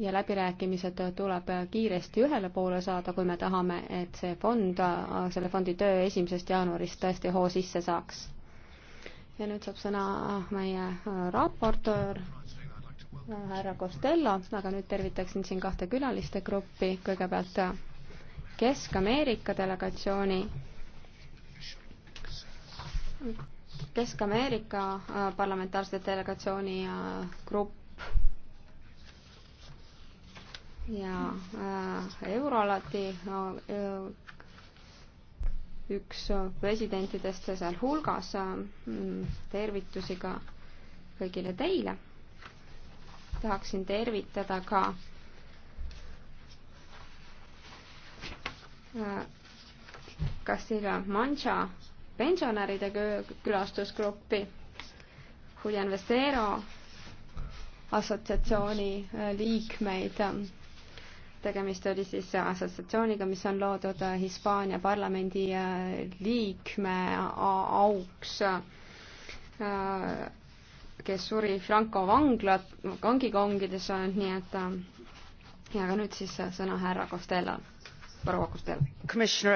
ja läbirääkimised tuleb kiiresti ühele poole saada, kui me tahame, et see fond, selle fondi töö esimesest jaanuarist tõesti hoo sisse saaks. ja nüüd saab sõna meie raportöör härra Costello, aga nüüd tervitaksin siin kahte külaliste gruppi, kõigepealt Kesk-Ameerika delegatsiooni Kesk-Ameerika parlamentaarse delegatsiooni grupp ja äh, Eurolati äh, üks presidentidest sealhulgas äh, tervitusi ka kõigile teile. tahaksin tervitada ka äh, Castilla Mancha pensionäride külastusgruppi, Julian Vesero assotsiatsiooni äh, liikmeid äh, tegemist oli siis assotsiatsiooniga, mis on loodud Hispaania parlamendi äh, liikme äh, auks, äh, kes suri Franco vangla, vangikongides, nii et ja ka nüüd siis sõna härra Costello, proua Costello.